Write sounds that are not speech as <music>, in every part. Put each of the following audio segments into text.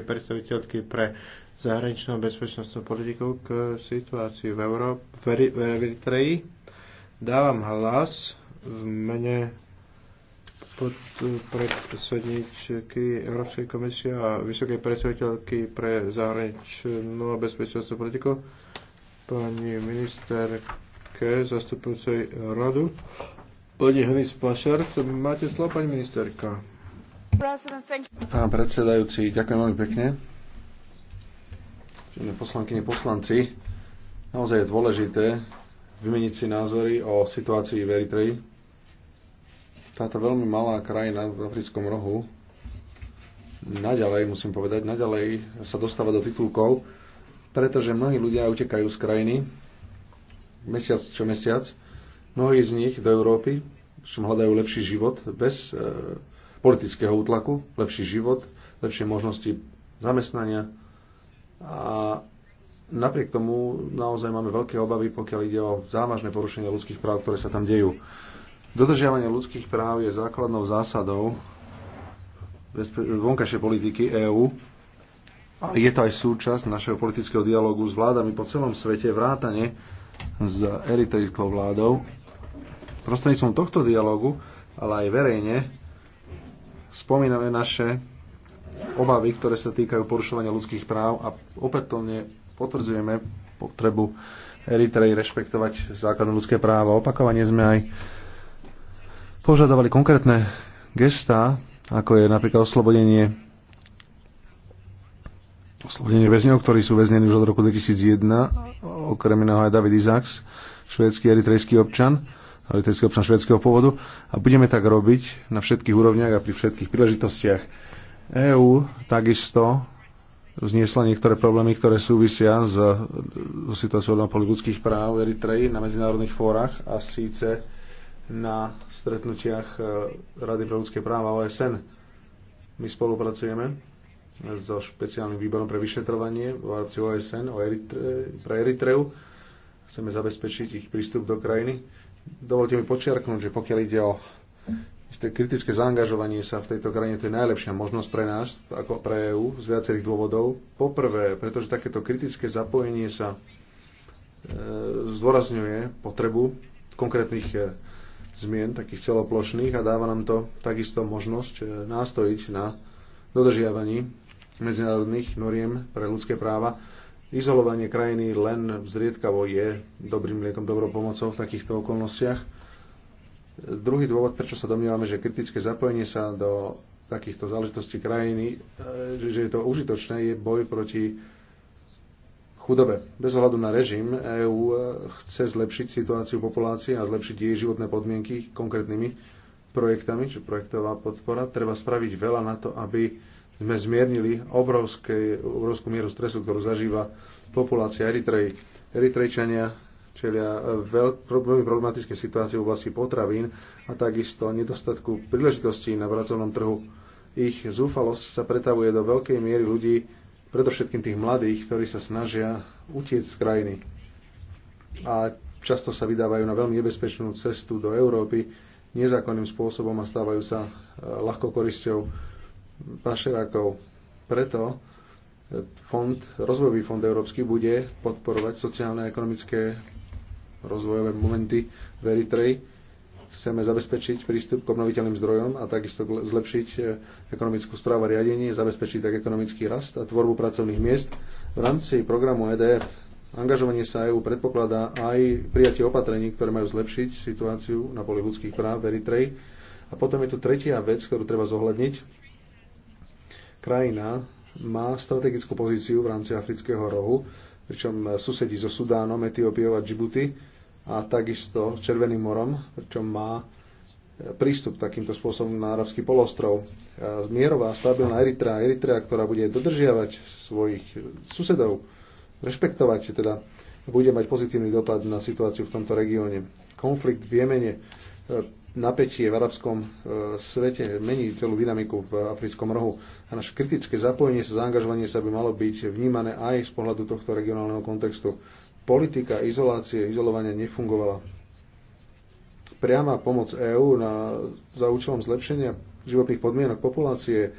predstaviteľky pre zahraničnú bezpečnostnú politiku k situácii v Európe, v Eritreji. Dávam hlas v mene pod predsedničky Európskej komisie a vysokej predstaviteľky pre zahraničnú bezpečnostnú politiku pani ministerke zastupujúcej radu. Pani Hennis Plašert, máte slovo, pani ministerka. Pán predsedajúci, ďakujem veľmi pekne. Ctené poslankyne, poslanci, naozaj je dôležité vymeniť si názory o situácii v Eritreji. Táto veľmi malá krajina v africkom rohu naďalej, musím povedať, naďalej sa dostáva do titulkov, pretože mnohí ľudia utekajú z krajiny mesiac čo mesiac, mnohí z nich do Európy, čo hľadajú lepší život bez eh, politického útlaku, lepší život, lepšie možnosti zamestnania a napriek tomu naozaj máme veľké obavy, pokiaľ ide o závažné porušenie ľudských práv, ktoré sa tam dejú. Dodržiavanie ľudských práv je základnou zásadou vonkajšej politiky EÚ a je to aj súčasť našeho politického dialogu s vládami po celom svete, vrátane s eritrejskou vládou. Prostredníctvom tohto dialogu, ale aj verejne, spomíname naše obavy, ktoré sa týkajú porušovania ľudských práv a opätovne potvrdzujeme potrebu Eritreji rešpektovať základné ľudské práva. Opakovane sme aj požadovali konkrétne gestá, ako je napríklad oslobodenie oslobodenie väzňov, ktorí sú väznení už od roku 2001, okrem iného aj David Isaacs, švédsky eritrejský občan litevský občan švedského pôvodu a budeme tak robiť na všetkých úrovniach a pri všetkých príležitostiach. EÚ takisto zniesla niektoré problémy, ktoré súvisia s, situáciou na poli ľudských práv Eritreji na medzinárodných fórach a síce na stretnutiach e, Rady pre ľudské práva OSN. My spolupracujeme so špeciálnym výborom pre vyšetrovanie v rámci OSN o Eritre, pre Eritreu. Chceme zabezpečiť ich prístup do krajiny Dovolte mi počiarknúť, že pokiaľ ide o isté kritické zaangažovanie sa v tejto krajine, to je najlepšia možnosť pre nás, ako pre EU, z viacerých dôvodov. Poprvé, pretože takéto kritické zapojenie sa e, zdôrazňuje potrebu konkrétnych e, zmien, takých celoplošných a dáva nám to takisto možnosť e, nástojiť na dodržiavaní medzinárodných noriem pre ľudské práva Izolovanie krajiny len zriedkavo je dobrým liekom, dobrou pomocou v takýchto okolnostiach. Druhý dôvod, prečo sa domnievame, že kritické zapojenie sa do takýchto záležitostí krajiny, e, že je to užitočné, je boj proti chudobe. Bez ohľadu na režim EÚ e, chce zlepšiť situáciu populácie a zlepšiť jej životné podmienky konkrétnymi projektami, či projektová podpora. Treba spraviť veľa na to, aby sme zmiernili obrovskú mieru stresu, ktorú zažíva populácia Eritreji. Eritrejčania čelia e, veľmi problematické situácie v oblasti potravín a takisto nedostatku príležitostí na pracovnom trhu. Ich zúfalosť sa pretavuje do veľkej miery ľudí, predovšetkým tých mladých, ktorí sa snažia utiecť z krajiny. A často sa vydávajú na veľmi nebezpečnú cestu do Európy nezákonným spôsobom a stávajú sa e, ľahko korisťou pašerákov. Preto e, fond, rozvojový fond európsky bude podporovať sociálne a ekonomické rozvojové momenty v Eritreji. Chceme zabezpečiť prístup k obnoviteľným zdrojom a takisto zlepšiť e, ekonomickú správu a riadenie, zabezpečiť tak ekonomický rast a tvorbu pracovných miest. V rámci programu EDF angažovanie sa EU predpokladá aj prijatie opatrení, ktoré majú zlepšiť situáciu na poli ľudských práv v Eritreji. A potom je tu tretia vec, ktorú treba zohľadniť Krajina má strategickú pozíciu v rámci afrického rohu, pričom susedí so Sudánom, Etiópiou a Džibuty a takisto Červeným morom, pričom má eh, prístup takýmto spôsobom na arabský polostrov. Eh, mierová, stabilná Eritrea, Eritrea, ktorá bude dodržiavať svojich susedov, rešpektovať, teda bude mať pozitívny dopad na situáciu v tomto regióne. Konflikt v Jemene eh, napätie v arabskom e, svete mení celú dynamiku v africkom rohu a naše kritické zapojenie sa, zaangažovanie sa by malo byť vnímané aj z pohľadu tohto regionálneho kontextu. Politika izolácie, izolovania nefungovala. Priama pomoc EÚ na, za účelom zlepšenia životných podmienok populácie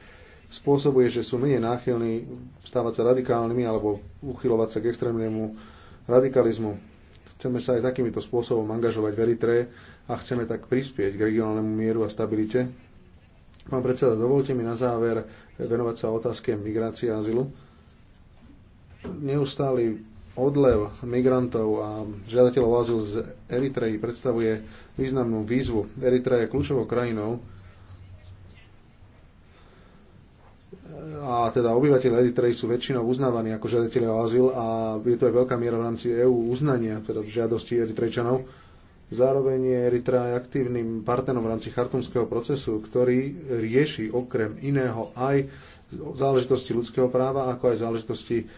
spôsobuje, že sú menej náchylní stávať sa radikálnymi alebo uchylovať sa k extrémnemu radikalizmu. Chceme sa aj takýmito spôsobom angažovať v Eritreje, a chceme tak prispieť k regionálnemu mieru a stabilite. Pán predseda, dovolte mi na záver venovať sa otázke migrácie a azylu. Neustály odlev migrantov a žiadateľov azyl z Eritreji predstavuje významnú výzvu. Eritreja je kľúčovou krajinou a teda obyvateľe Eritreji sú väčšinou uznávaní ako žiadatelia o azyl a je to aj veľká miera v rámci EÚ uznania teda žiadosti Eritrejčanov Zároveň je Eritrea aktívnym partnerom v rámci chartumského procesu, ktorý rieši okrem iného aj záležitosti ľudského práva, ako aj záležitosti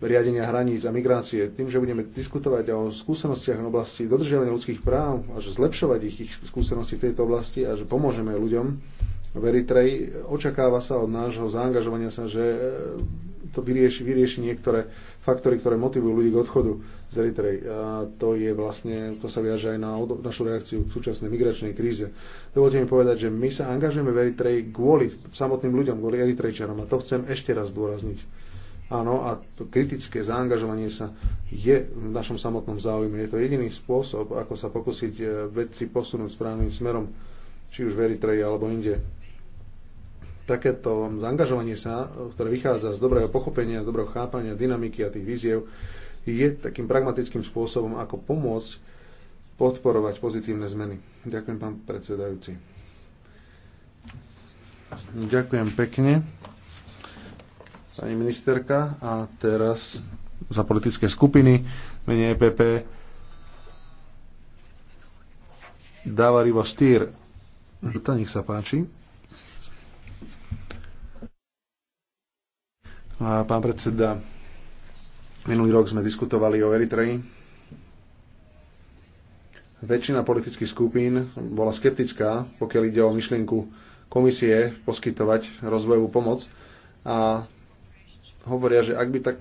riadenia hraníc a migrácie. Tým, že budeme diskutovať o skúsenostiach v oblasti dodržiavania ľudských práv a že zlepšovať ich, ich skúsenosti v tejto oblasti a že pomôžeme ľuďom v Eritreji, očakáva sa od nášho zaangažovania sa, že to vyrieši, vyrieši niektoré faktory, ktoré motivujú ľudí k odchodu z Eritrej. A to je vlastne, to sa viaže aj na našu reakciu v súčasnej migračnej kríze. Dovolte mi povedať, že my sa angažujeme v Eritreji kvôli samotným ľuďom, kvôli Eritrejčanom a to chcem ešte raz dôrazniť. Áno, a to kritické zaangažovanie sa je v našom samotnom záujme. Je to jediný spôsob, ako sa pokúsiť eh, vedci posunúť správnym smerom, či už v Eritreji alebo inde takéto zaangažovanie sa, ktoré vychádza z dobrého pochopenia, z dobrého chápania dynamiky a tých víziev, je takým pragmatickým spôsobom, ako pomôcť podporovať pozitívne zmeny. Ďakujem, pán predsedajúci. Ďakujem pekne, pani ministerka. A teraz za politické skupiny, menej EPP, dáva Rivo Stýr. To nech sa páči. Pán predseda, minulý rok sme diskutovali o Eritreji. Väčšina politických skupín bola skeptická, pokiaľ ide o myšlienku komisie poskytovať rozvojovú pomoc a hovoria, že ak by tak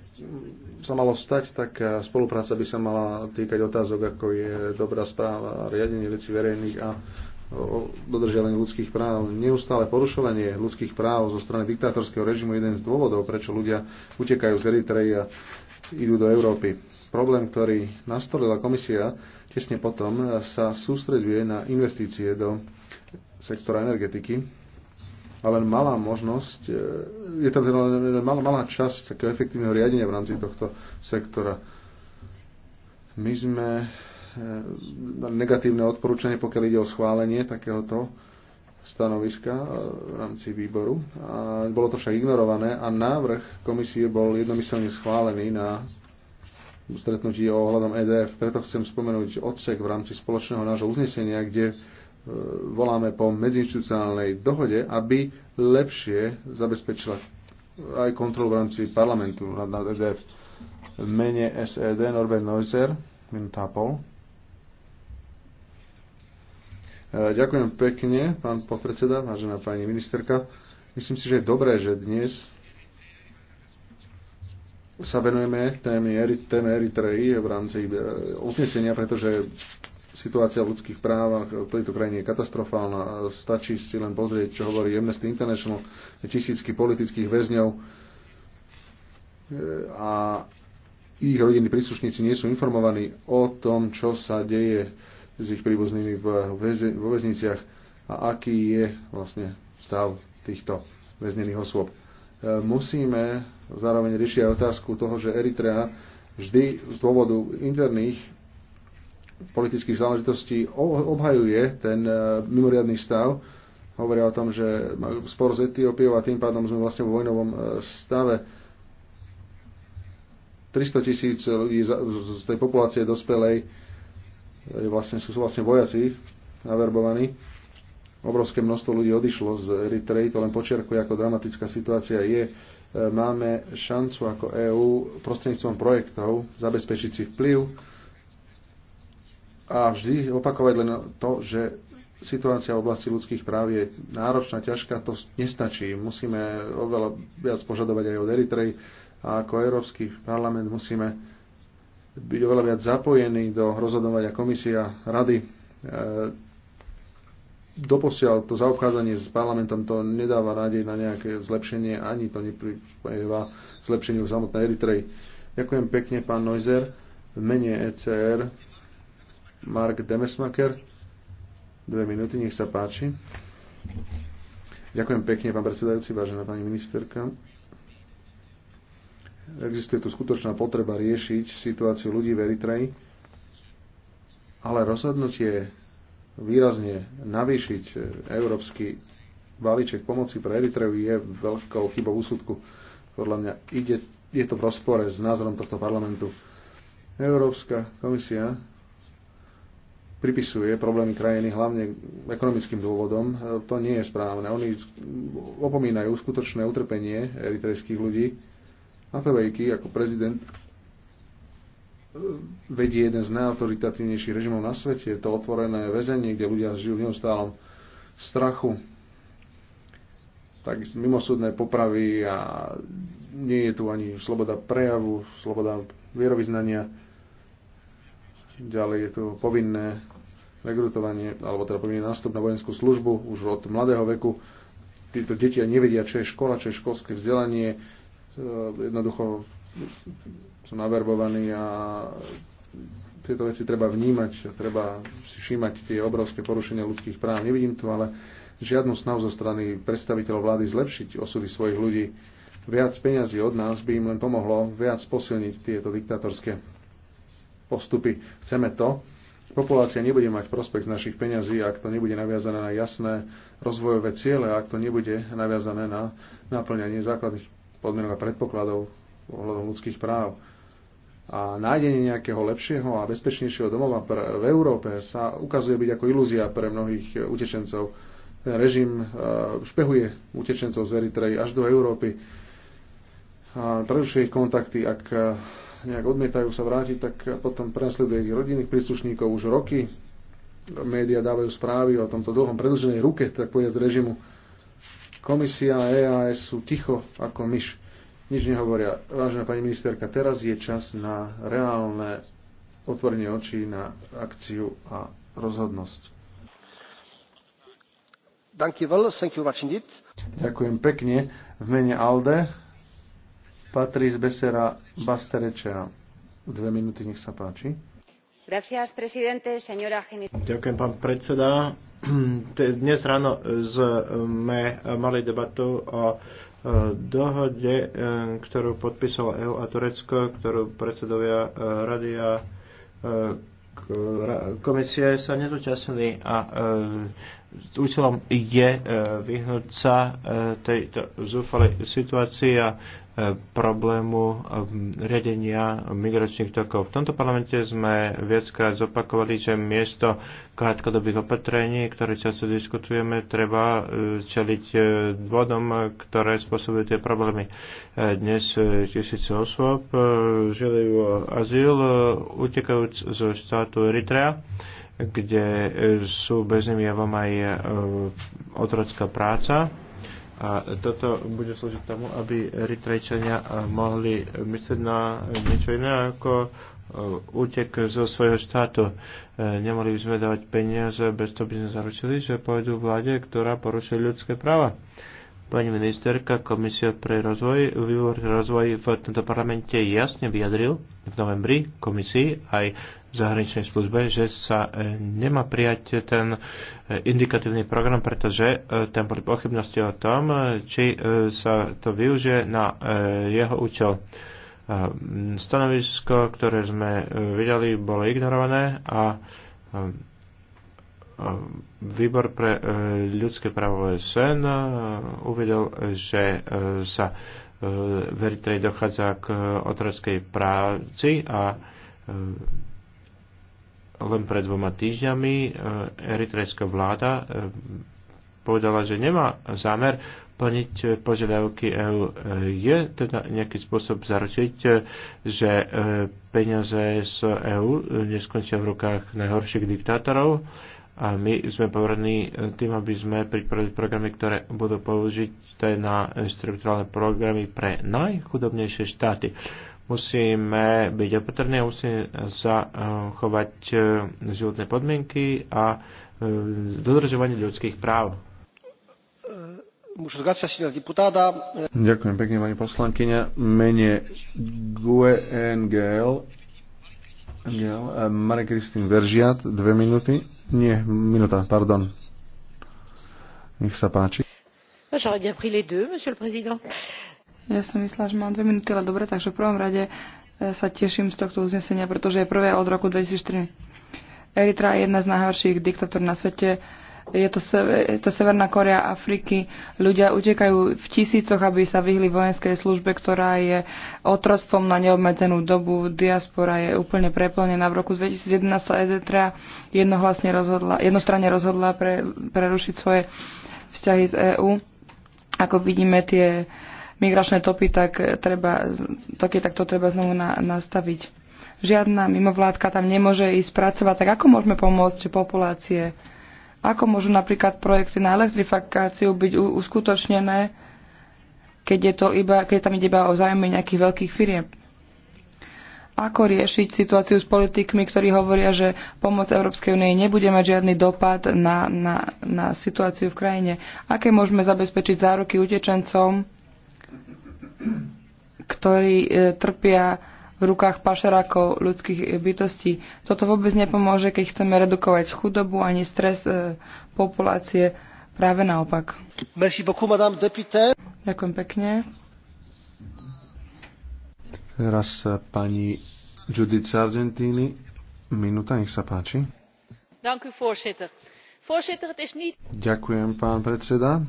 sa malo stať, tak spolupráca by sa mala týkať otázok, ako je dobrá správa, riadenie veci verejných a o dodržiavaní ľudských práv. Neustále porušovanie ľudských práv zo strany diktátorského režimu je jeden z dôvodov, prečo ľudia utekajú z Eritreji a idú do Európy. Problém, ktorý nastolila komisia tesne potom, sa sústreďuje na investície do sektora energetiky a len malá možnosť, e, je tam teda len malá, malá časť takého efektívneho riadenia v rámci tohto sektora. My sme Eh, negatívne odporúčanie, pokiaľ ide o schválenie takéhoto stanoviska eh, v rámci výboru. A bolo to však ignorované a návrh komisie bol jednomyselne schválený na stretnutí o ohľadom EDF. Preto chcem spomenúť odsek v rámci spoločného nášho uznesenia, kde eh, voláme po medziinstitucionálnej dohode, aby lepšie zabezpečila aj kontrolu v rámci parlamentu nad EDF. mene SED Norbert Neuser, minúta a pol. Eh, ďakujem pekne, pán podpredseda, vážená pani ministerka. Myslím si, že je dobré, že dnes sa venujeme téme, téme Eritreji v rámci eh, uznesenia, pretože situácia v ľudských právach v tejto krajine je katastrofálna. Stačí si len pozrieť, čo hovorí Amnesty International, tisícky politických väzňov eh, a ich rodinní príslušníci nie sú informovaní o tom, čo sa deje s ich príbuznými vo väzniciach a aký je vlastne stav týchto väznených osôb. E, musíme zároveň riešiť aj otázku toho, že Eritrea vždy z dôvodu interných politických záležitostí obhajuje ten e, mimoriadný stav. Hovoria o tom, že majú spor s Etiópiou a tým pádom sme vlastne v vojnovom e, stave. 300 tisíc ľudí z tej populácie dospelej vlastne, sú vlastne vojaci naverbovaní. Obrovské množstvo ľudí odišlo z Eritreji, to len počiarkuje, ako dramatická situácia je. E, máme šancu ako EÚ prostredníctvom projektov zabezpečiť si vplyv a vždy opakovať len to, že situácia v oblasti ľudských práv je náročná, ťažká, to nestačí. Musíme oveľa viac požadovať aj od Eritrej a ako Európsky parlament musíme byť oveľa viac zapojený do rozhodovania komisia, rady. E, doposiaľ to zaobchádzanie s parlamentom to nedáva nádej na nejaké zlepšenie, ani to nepripojeva zlepšeniu v samotnej Eritreji. Ďakujem pekne, pán Neuser. V mene ECR Mark Demesmaker. Dve minúty, nech sa páči. Ďakujem pekne, pán predsedajúci, vážená pani ministerka. Existuje tu skutočná potreba riešiť situáciu ľudí v Eritreji, ale rozhodnutie výrazne navýšiť európsky balíček pomoci pre Eritreju je veľkou chybou úsudku. Podľa mňa ide, je to v rozpore s názorom tohto parlamentu. Európska komisia pripisuje problémy krajiny hlavne ekonomickým dôvodom. To nie je správne. Oni opomínajú skutočné utrpenie eritrejských ľudí Mafelejky ako prezident eh, vedie jeden z najautoritatívnejších režimov na svete. Je to otvorené väzenie, kde ľudia žijú v neustálom strachu. Tak mimosúdne popravy a nie je tu ani sloboda prejavu, sloboda vierovýznania. Ďalej je tu povinné rekrutovanie, alebo teda povinný nástup na vojenskú službu už od mladého veku. Títo detia nevedia, čo je škola, čo je školské vzdelanie, Eh, jednoducho sú naverbovaní a tieto veci treba vnímať, a treba si všímať tie obrovské porušenia ľudských práv. Nevidím to, ale žiadnu snahu zo strany predstaviteľov vlády zlepšiť osudy svojich ľudí. Viac peňazí od nás by im len pomohlo viac posilniť tieto diktatorské postupy. Chceme to. Populácia nebude mať prospekt z našich peňazí, ak to nebude naviazané na jasné rozvojové ciele, ak to nebude naviazané na naplňanie základných podmienok a predpokladov ohľadom ľudských práv. A nájdenie nejakého lepšieho a bezpečnejšieho domova v Európe sa ukazuje byť ako ilúzia pre mnohých e, utečencov. Ten režim e, špehuje utečencov z eritrej až do Európy a prerušuje ich kontakty. Ak e, nejak odmietajú sa vrátiť, tak potom prenasleduje ich rodinných príslušníkov už roky. Média dávajú správy o tomto dlhom predlženej ruke, tak povedať, režimu Komisia a EAS sú ticho ako myš. Nič nehovoria. Vážená pani ministerka, teraz je čas na reálne otvorenie očí na akciu a rozhodnosť. Ďakujem pekne. V mene ALDE Patrice Besera Basterečea. Dve minúty, nech sa páči pán predseda. <clears throat> Dnes ráno e, sme mali debatu o e, dohode, e, ktorú podpísala EU a Turecko, ktorú predsedovia Rady a komisie sa nezúčastnili a účelom je e, vyhnúť sa e, tejto zúfalej situácii a e, problému riadenia migračných tokov. V tomto parlamente sme viackrát zopakovali, že miesto krátkodobých opatrení, ktoré často diskutujeme, treba čeliť dôvodom, ktoré spôsobujú tie problémy. Dnes tisíce osôb o azyl, utekajúc zo štátu Eritrea kde e, sú bežným javom aj e, otrocká práca. A toto bude slúžiť tomu, aby Eritrejčania e, mohli myslieť na niečo iné ako útek zo svojho štátu. Nemohli by sme dávať peniaze, bez toho by sme zaručili, že pôjdu vláde, ktorá porušuje ľudské práva. Pani ministerka Komisia pre rozvoj, vývoj rozvoj v tomto parlamente jasne vyjadril v novembri komisii aj zahraničnej službe, že sa e, nemá prijať ten e, indikatívny program, pretože e, tam boli pochybnosti o tom, či sa to využije na jeho účel. Stanovisko, ktoré sme videli, bolo ignorované a Výbor pre ľudské právo SN uvedel, že sa v Eritreji dochádza k otrovskej práci a len pred dvoma týždňami e, eritrejská vláda e, povedala, že nemá zámer plniť e, požiadavky EÚ. Je teda nejaký spôsob zaručiť, že peniaze z EÚ neskončia v rukách najhorších diktátorov a my sme povrední tým, aby sme pripravili programy, ktoré budú použiť na strukturálne programy pre najchudobnejšie štáty musíme byť opatrní a musíme zachovať eh, eh, životné podmienky a eh, dodržovanie ľudských práv. Ďakujem pekne, pani poslankyňa. Mene GUE NGL Mare Kristín Veržiat, dve minúty. Nie, minúta, pardon. Nech sa páči. J'aurais bien pris les deux, monsieur le président. Ja som myslela, že mám dve minúty, ale dobre, takže v prvom rade e, sa teším z tohto uznesenia, pretože je prvé od roku 2004. Eritrea je jedna z najhorších diktatúr na svete. Je to, je to Severná Korea Afriky. Ľudia utekajú v tisícoch, aby sa vyhli vojenskej službe, ktorá je otrodstvom na neobmedzenú dobu. Diaspora je úplne preplnená. V roku 2011 sa Eritrea jednohlasne rozhodla, jednostranne rozhodla pre, prerušiť svoje vzťahy z EÚ. Ako vidíme, tie migračné topy, tak treba, toky, tak to treba znovu na, nastaviť. Žiadna mimovládka tam nemôže ísť pracovať. Tak ako môžeme pomôcť populácie? Ako môžu napríklad projekty na elektrifikáciu byť uskutočnené, keď, je to iba, keď tam ide iba o zájmy nejakých veľkých firiem? Ako riešiť situáciu s politikmi, ktorí hovoria, že pomoc Európskej únie nebude mať žiadny dopad na, na, na situáciu v krajine? Aké môžeme zabezpečiť záruky utečencom, ktorí e, trpia v rukách pašerákov ľudských bytostí. Toto vôbec nepomôže, keď chceme redukovať chudobu ani stres e, populácie. Práve naopak. Merci beaucoup, madame deputé. Ďakujem pekne. Teraz pani Judith Sargentini. Minúta, nech sa páči. Ďakujem, pán predseda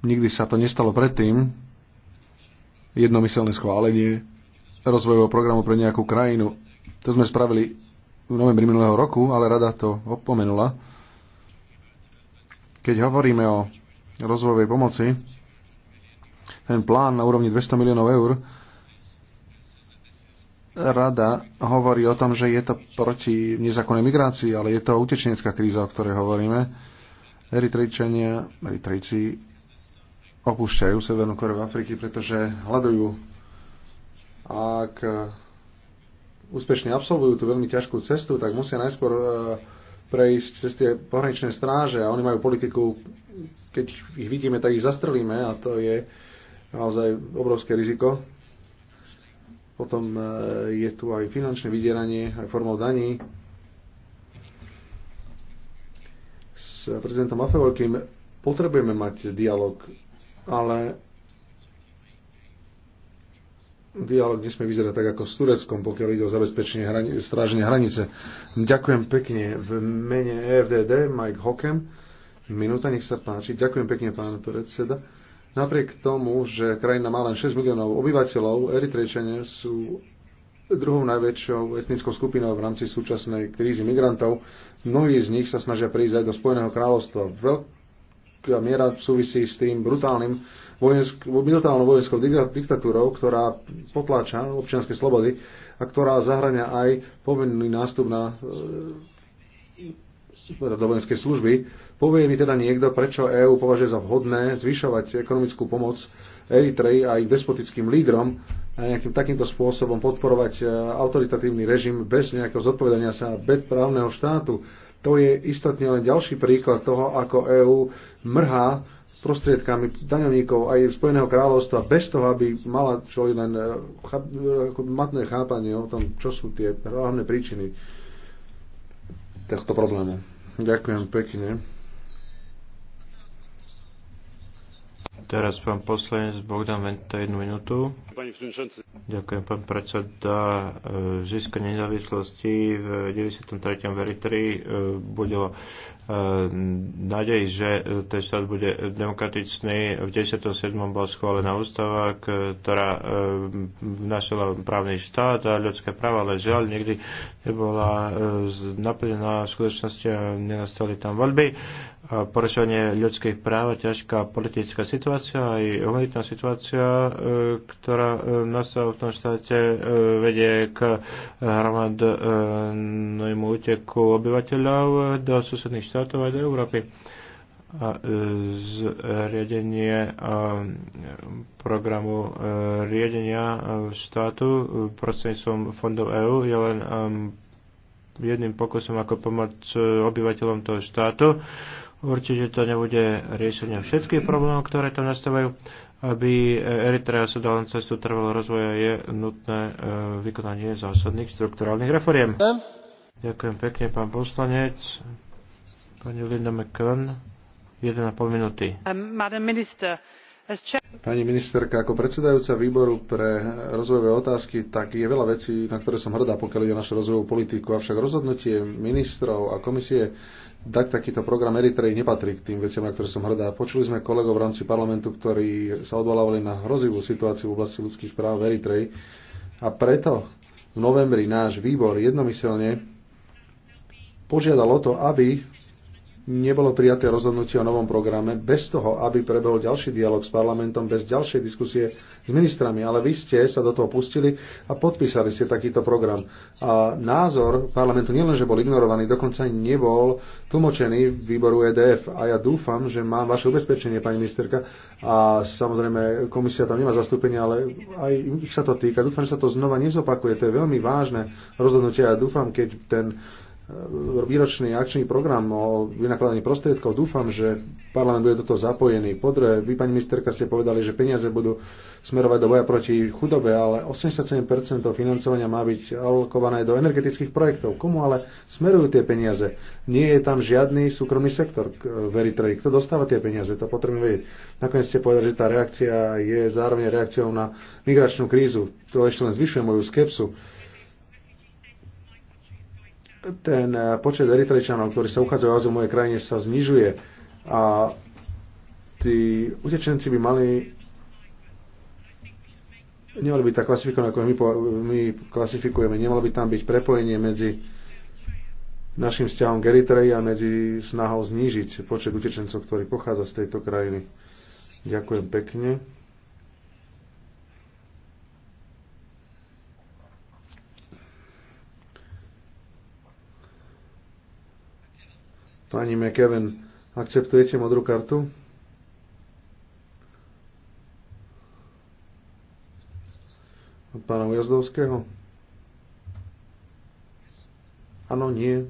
Nikdy sa to nestalo predtým. Jednomyselné schválenie rozvojového programu pre nejakú krajinu. To sme spravili v novembri minulého roku, ale rada to opomenula. Keď hovoríme o rozvojovej pomoci, ten plán na úrovni 200 miliónov eur, rada hovorí o tom, že je to proti nezákonnej migrácii, ale je to utečenecká kríza, o ktorej hovoríme. Eritrejčania, Eritrejci opúšťajú Severnú Koreu Afriky, pretože hľadujú. Ak e, úspešne absolvujú tú veľmi ťažkú cestu, tak musia najskôr e, prejsť cez tie pohraničné stráže a oni majú politiku, keď ich vidíme, tak ich zastrelíme a to je naozaj obrovské riziko. Potom e, je tu aj finančné vydieranie, aj formou daní. S prezidentom Afevorkým potrebujeme mať dialog ale dialog nesmie vyzerať tak ako s Tureckom, pokiaľ ide o zabezpečenie hranice, stráženia hranice. Ďakujem pekne v mene EFDD Mike Hockem. Minúta, nech sa páči. Ďakujem pekne, pán predseda. Napriek tomu, že krajina má len 6 miliónov obyvateľov, Eritrejčania sú druhou najväčšou etnickou skupinou v rámci súčasnej krízy migrantov. Mnohí z nich sa snažia prísť aj do Spojeného kráľovstva. Veľk- miera súvisí s tým brutálnym vojensk- brutálnou vojenskou diktatúrou, ktorá potláča občianske slobody a ktorá zahrania aj povinný nástup na e, do vojenskej služby. Povie mi teda niekto, prečo EÚ považuje za vhodné zvyšovať ekonomickú pomoc Eritrej a ich despotickým lídrom a nejakým takýmto spôsobom podporovať e, autoritatívny režim bez nejakého zodpovedania sa, bez právneho štátu to je istotne len ďalší príklad toho, ako EÚ mrhá prostriedkami daňovníkov aj Spojeného kráľovstva bez toho, aby mala čo len e, e, matné chápanie o tom, čo sú tie hlavné príčiny tohto problému. Ďakujem pekne. Teraz pán poslanec Bohdan Venta jednu minútu. Ďakujem, pán predseda. E, získanie nezávislosti v 93. veritri Eritrii budilo nádej, že e, ten štát bude demokratický. V 97. bola schválená ústava, ktorá e, vnašala právny štát a ľudské práva, ale žiaľ nikdy nebola naplnená v skutočnosti a nenastali tam voľby. Porušovanie ľudských práv, ťažká politická situácia situácia, aj humanitná situácia, e, ktorá e, nastala v tom štáte, e, vedie k hromadnému úteku obyvateľov do susedných štátov aj do Európy. A zriadenie programu riadenia štátu prostredníctvom fondov EÚ je len jedným pokusom ako pomoc obyvateľom toho štátu Určite to nebude riešenie všetkých problémov, ktoré tam nastávajú. Aby Eritrea sa dala na cestu trvalého rozvoja, je nutné e, vykonanie zásadných strukturálnych reforiem. Ďakujem pekne, pán poslanec. Pani Linda McCann, 1,5 minúty. Um, Pani ministerka, ako predsedajúca výboru pre rozvojové otázky, tak je veľa vecí, na ktoré som hrdá, pokiaľ ide o našu rozvojovú politiku. Avšak rozhodnutie ministrov a komisie dať takýto program Eritreji nepatrí k tým veciam, na ktoré som hrdá. Počuli sme kolegov v rámci parlamentu, ktorí sa odvolávali na hrozivú situáciu v oblasti ľudských práv v Eritreji a preto v novembri náš výbor jednomyselne požiadal o to, aby nebolo prijaté rozhodnutie o novom programe bez toho, aby prebehol ďalší dialog s parlamentom, bez ďalšej diskusie s ministrami. Ale vy ste sa do toho pustili a podpísali ste takýto program. A názor parlamentu nielenže bol ignorovaný, dokonca ani nebol tlmočený výboru EDF. A ja dúfam, že mám vaše ubezpečenie, pani ministerka. A samozrejme, komisia tam nemá zastúpenie, ale aj ich sa to týka. Dúfam, že sa to znova nezopakuje. To je veľmi vážne rozhodnutie a ja dúfam, keď ten E, výročný akčný program o vynakladaní prostriedkov. Dúfam, že parlament bude do toho zapojený. Podre, vy, pani ministerka, ste povedali, že peniaze budú smerovať do boja proti chudobe, ale 87% financovania má byť alokované do energetických projektov. Komu ale smerujú tie peniaze? Nie je tam žiadny súkromný sektor v Eritreji. Kto dostáva tie peniaze? To potrebujeme vedieť. Nakoniec ste povedali, že tá reakcia je zároveň reakciou na migračnú krízu. To ešte len zvyšuje moju skepsu ten eh, počet Eritrejčanov, ktorí sa uchádzajú o v mojej krajine, sa znižuje a tí utečenci by mali nemali by tak klasifikovaní, ako my, my klasifikujeme. Nemalo by tam byť prepojenie medzi našim vzťahom k Eritreji a medzi snahou znížiť počet utečencov, ktorí pochádza z tejto krajiny. Ďakujem pekne. Pani McEwen, akceptujete modrú kartu? Od pána Ujazdovského? Áno, nie.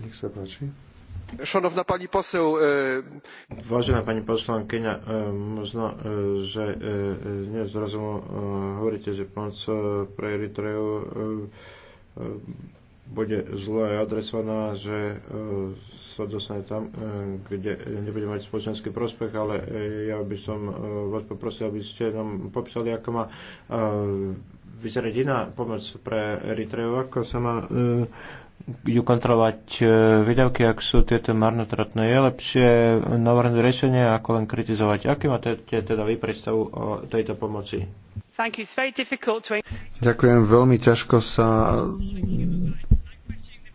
Nech sa páči. Šanovná pani poseł. E, Vážená pani poslankyňa, e, možno, e, že nie zrazu hovoríte, že pomoc pre Eritreju bude zle adresovaná, že e, sa dostane tam, e, kde nebude mať spoločenský prospech, ale e, ja by som vás poprosil, aby ste nám popísali, ako má vyzerať iná pomoc pre Eritreju, ako sa má ju kontrolovať výdavky, ak sú tieto marnotratné. Je lepšie navrhnúť riešenie, ako len kritizovať. Aký máte teda vy predstavu o tejto pomoci? Ďakujem, veľmi ťažko sa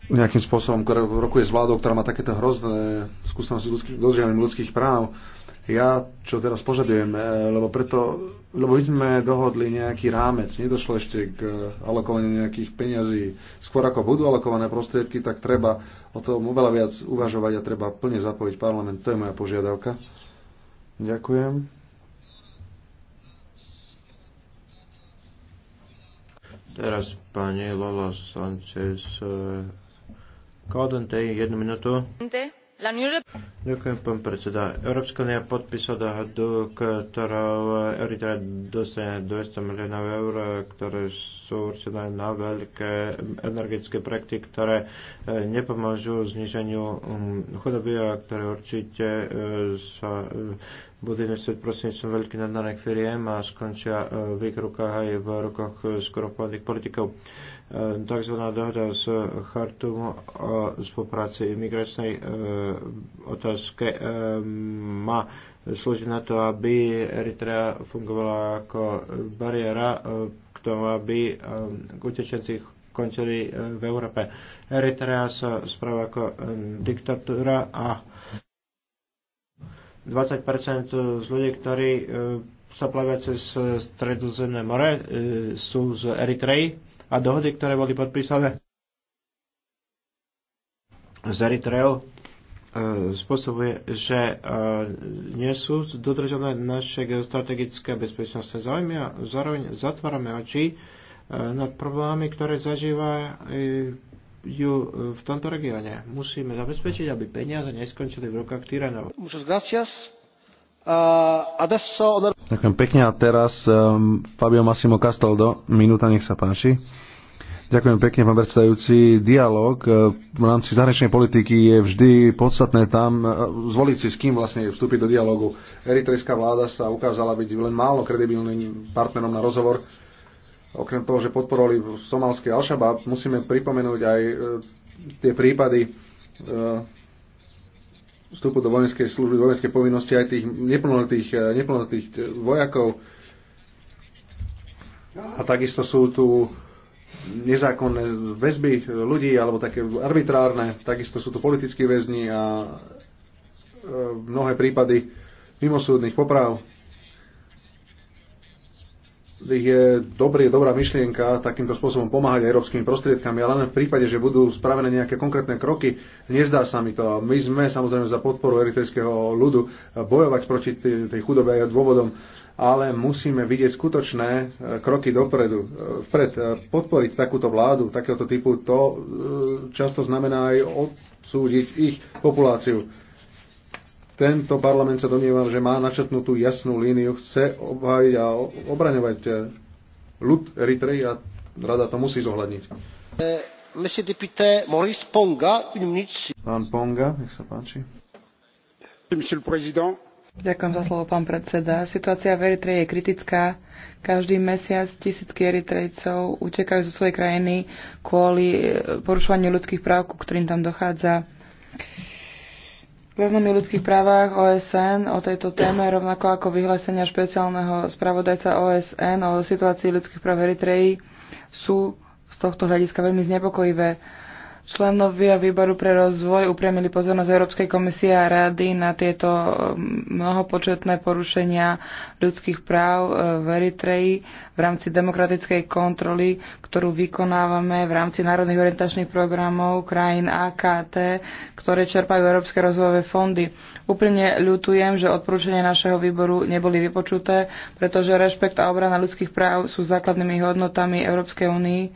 nejakým spôsobom rokuje s vládou, ktorá má takéto hrozné skúsenosti ľudských, dodržiavaním ľudských práv. Ja čo teraz požadujem, e, lebo preto, lebo my sme dohodli nejaký rámec, nedošlo ešte k alokovaniu nejakých peňazí. Skôr ako budú alokované prostriedky, tak treba o tom oveľa viac uvažovať a treba plne zapojiť parlament. To je moja požiadavka. Ďakujem. Teraz pani Lola Sanchez e, Ďakujem, pán predseda. Európska unia podpísala dohodu, ktorá Eritrea dostane 200 miliónov eur, ktoré sú určené na veľké energetické projekty, ktoré eh, nepomôžu zniženiu mm, chudoby a ktoré určite eh, sa eh, budú investovať prostredníctvom veľkých nadnárodných firiem a skončia v ich rukách aj v rukách skoro politikov. E, tzv. dohoda z Chartum o spolupráci imigračnej e, otázke e, má slúžiť na to, aby Eritrea fungovala ako bariéra k tomu, aby utečenci končili v Európe. Eritrea sa správa ako diktatúra a 20% z ľudí, ktorí sa plavia cez Stredozemné more, sú z Eritreji a dohody, ktoré boli podpísané z Eritreou e, spôsobuje, že nie sú dodržané naše geostrategické bezpečnostné záujmy a zároveň zatvárame oči e, nad problémami, ktoré zažívajú v tomto regióne. Musíme zabezpečiť, aby peniaze neskončili v rukách tyranov. Muchas gracias. Uh, Ďakujem pekne a teraz um, Fabio Massimo Castaldo, minúta, nech sa páči. Ďakujem pekne, pán predsedajúci. Dialóg uh, v rámci zahraničnej politiky je vždy podstatné tam uh, zvoliť si, s kým vlastne vstúpiť do dialógu. Eritrejská vláda sa ukázala byť len málo kredibilným partnerom na rozhovor. Okrem toho, že podporovali somalské al musíme pripomenúť aj tie prípady vstupu do vojenskej služby, do vojenskej povinnosti aj tých neplnoletých, eh, neplnoletých eh, vojakov. A takisto sú tu nezákonné väzby ľudí, alebo také arbitrárne, takisto sú tu politickí väzni a eh, mnohé prípady mimosúdnych poprav je dobrý, dobrá myšlienka takýmto spôsobom pomáhať európskymi prostriedkami, ale len v prípade, že budú spravené nejaké konkrétne kroky, nezdá sa mi to. My sme samozrejme za podporu eritrejského ľudu bojovať proti tej chudobe aj dôvodom, ale musíme vidieť skutočné e, kroky dopredu. E, vpred e, podporiť takúto vládu, takéhoto typu, to často znamená aj odsúdiť ich populáciu tento parlament sa domnievam, že má načrtnutú jasnú líniu, chce obhajiť a obraňovať eh, ľud Eritrej a rada to musí zohľadniť. Eh, pán Ponga, nech sa páči. Ďakujem za slovo, pán predseda. Situácia v Eritreji je kritická. Každý mesiac tisícky Eritrejcov utekajú zo svojej krajiny kvôli eh, porušovaniu ľudských práv, ku ktorým tam dochádza. Záznamy o ľudských právach OSN o tejto téme, rovnako ako vyhlásenia špeciálneho spravodajca OSN o situácii ľudských práv v Eritreji, sú z tohto hľadiska veľmi znepokojivé. Členovia výboru pre rozvoj upriamili pozornosť Európskej komisie a rady na tieto eh, mnohopočetné porušenia ľudských práv eh, v Eritreji v rámci demokratickej kontroly, ktorú vykonávame v rámci národných orientačných programov krajín AKT, ktoré čerpajú Európske rozvojové fondy. Úprimne ľutujem, že odporúčania našeho výboru neboli vypočuté, pretože rešpekt a obrana ľudských práv sú základnými hodnotami Európskej únie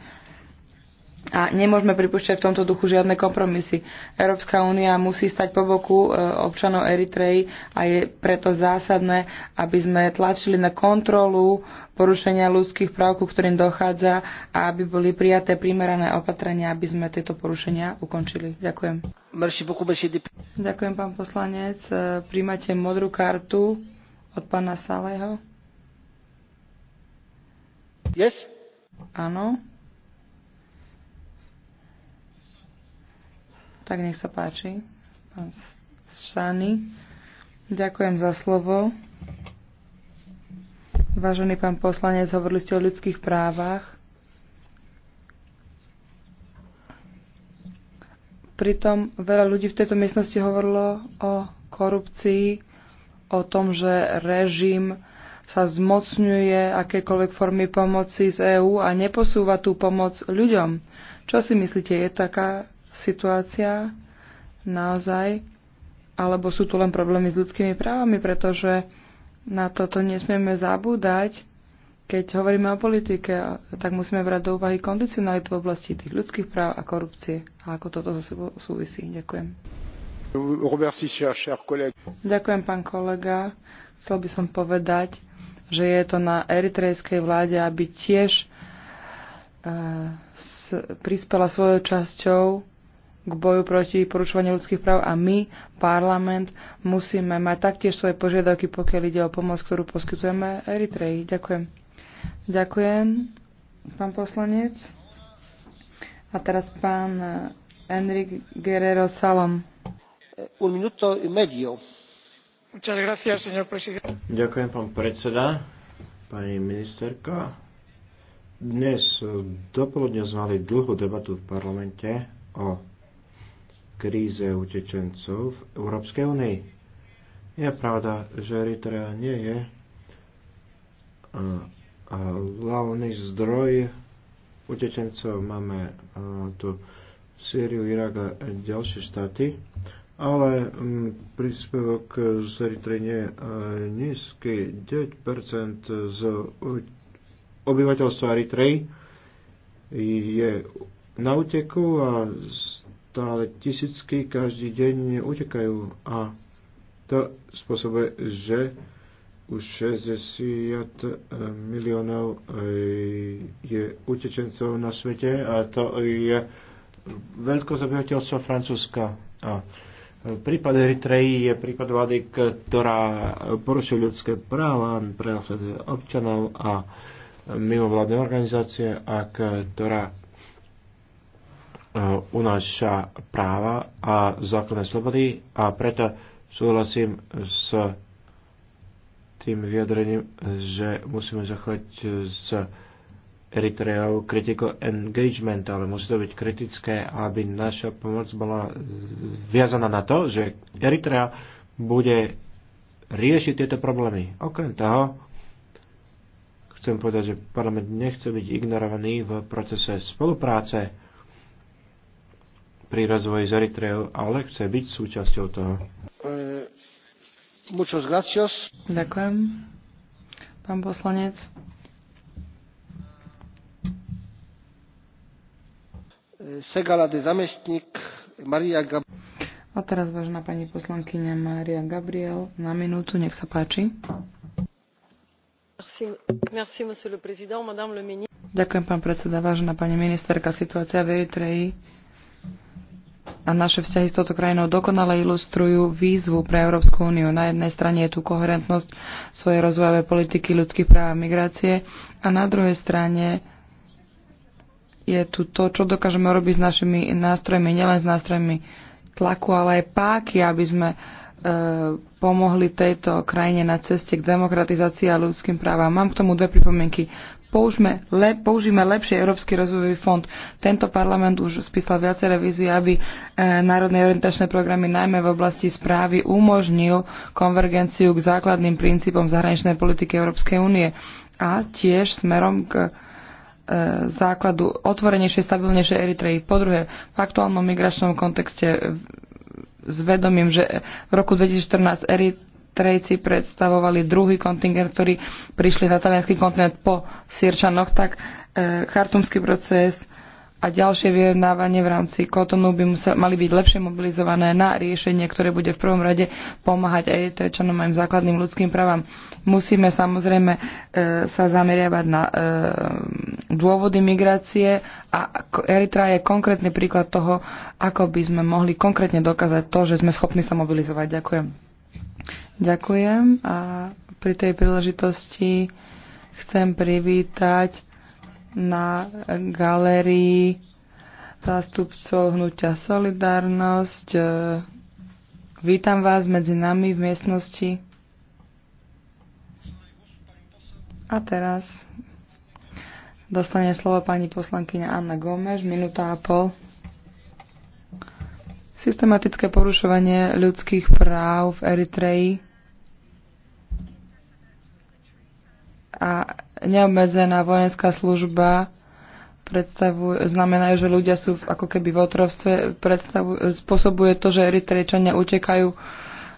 a nemôžeme pripúšťať v tomto duchu žiadne kompromisy. Európska únia musí stať po boku e, občanov Eritreji a je preto zásadné, aby sme tlačili na kontrolu porušenia ľudských práv, ku ktorým dochádza a aby boli prijaté primerané opatrenia, aby sme tieto porušenia ukončili. Ďakujem. Ďakujem, pán poslanec. E, príjmate modrú kartu od pána Saleho. Yes? Áno. Tak nech sa páči. Pán Šany. Ďakujem za slovo. Vážený pán poslanec, hovorili ste o ľudských právach. Pritom veľa ľudí v tejto miestnosti hovorilo o korupcii, o tom, že režim sa zmocňuje akékoľvek formy pomoci z EÚ a neposúva tú pomoc ľuďom. Čo si myslíte, je taká situácia naozaj, alebo sú tu len problémy s ľudskými právami, pretože na toto nesmieme zabúdať. Keď hovoríme o politike, tak musíme brať do úvahy kondicionalitu v oblasti tých ľudských práv a korupcie. A ako toto so sebou súvisí. Ďakujem. Ďakujem, pán kolega. Chcel by som povedať, že je to na eritrejskej vláde, aby tiež eh, prispela svojou časťou k boju proti porušovaniu ľudských práv a my, parlament, musíme mať taktiež svoje požiadavky, pokiaľ ide o pomoc, ktorú poskytujeme Eritreji. Ďakujem. Ďakujem, pán poslanec. A teraz pán eh, Enrique Guerrero Salom. Eh, un minuto y medio. Muchas gracias, señor presidente. Ďakujem, pán predseda, pani ministerka. Dnes eh, dopoludne sme mali dlhú debatu v parlamente o kríze utečencov v Európskej únii. Je pravda, že Eritrea nie je hlavný zdroj utečencov. Máme tu Sýriu, Irak a ďalšie štáty, ale príspevok z Eritrej nie je nízky. 9% z obyvateľstva Eritrej je na uteku a z stále tisícky každý deň utekajú a to spôsobuje, že už 60 e, miliónov e, je utečencov na svete a to je veľko zabývateľstvo Francúzska. A e, prípad Eritreji je prípad vlády, ktorá porušuje ľudské práva, pre občanov a mimovládne organizácie a ktorá Eh, unáša práva a zákonné slobody a preto súhlasím s tým vyjadrením, že musíme zachovať s Eritreou critical engagement, ale musí to byť kritické, aby naša pomoc bola viazaná na to, že Eritrea bude riešiť tieto problémy. Okrem toho, chcem povedať, že parlament nechce byť ignorovaný v procese spolupráce pri rozvoji z Eritreou, ale chce byť súčasťou toho. Eh, Ďakujem. Pán poslanec. Eh, Segala de zamestník Maria Gabriel. A teraz vážna pani poslankyňa Maria Gabriel na minútu, nech sa páči. Merci, merci, monsieur le président, madame le ministre. Ďakujem, pán predseda. Vážená pani ministerka, situácia v Eritreji a naše vzťahy s touto krajinou dokonale ilustrujú výzvu pre Európsku úniu. Na jednej strane je tu koherentnosť svojej rozvojovej politiky ľudských práv a migrácie a na druhej strane je tu to, čo dokážeme robiť s našimi nástrojmi, nielen s nástrojmi tlaku, ale aj páky, aby sme e, pomohli tejto krajine na ceste k demokratizácii a ľudským právam. Mám k tomu dve pripomienky použme, le, použíme lepšie Európsky rozvojový fond. Tento parlament už spísal viaceré vízy, aby e, národné orientačné programy najmä v oblasti správy umožnil konvergenciu k základným princípom zahraničnej politiky Európskej únie a tiež smerom k e, základu otvorenejšej, stabilnejšej Eritreji. Po druhé, v aktuálnom migračnom kontexte s vedomím, že v roku 2014 Erit Eritrejci predstavovali druhý kontingent, ktorí prišli na talianský kontinent po Sirčanoch, tak e, chartumský proces a ďalšie vyjednávanie v rámci Kotonu by musel, mali byť lepšie mobilizované na riešenie, ktoré bude v prvom rade pomáhať Eritrejčanom trečanom im základným ľudským právam. Musíme samozrejme e, sa zameriavať na e, dôvody migrácie a Eritrea je konkrétny príklad toho, ako by sme mohli konkrétne dokázať to, že sme schopní sa mobilizovať. Ďakujem. Ďakujem a pri tej príležitosti chcem privítať na galerii zástupcov hnutia Solidarnosť. Vítam vás medzi nami v miestnosti. A teraz dostane slovo pani poslankyňa Anna Gomeš, minúta a pol. Systematické porušovanie ľudských práv v Eritreji a neobmedzená vojenská služba predstavuje, znamenajú, že ľudia sú ako keby v otrovstve, spôsobuje to, že Eritrejčania utekajú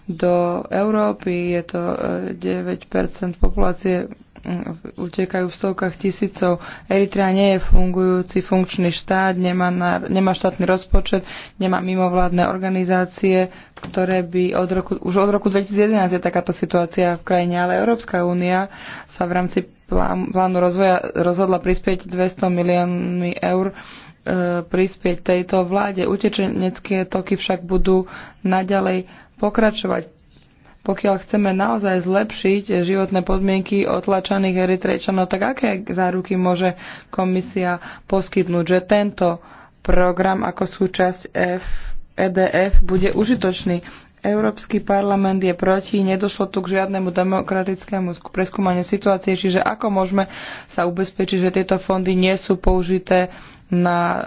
do Európy, je to 9% eh, populácie utekajú v stovkách tisícov. Eritrea nie je fungujúci funkčný štát, nemá, na, nemá štátny rozpočet, nemá mimovládne organizácie, ktoré by od roku, už od roku 2011 je takáto situácia v krajine, ale Európska únia sa v rámci plán, plánu rozvoja rozhodla prispieť 200 miliónmi eur e, prispieť tejto vláde. Utečenecké toky však budú naďalej pokračovať pokiaľ chceme naozaj zlepšiť životné podmienky otlačaných Eritrejčanov, tak aké záruky môže komisia poskytnúť, že tento program ako súčasť F, EDF bude užitočný? Európsky parlament je proti, nedošlo tu k žiadnemu demokratickému preskúmaniu situácie, čiže ako môžeme sa ubezpečiť, že tieto fondy nie sú použité na,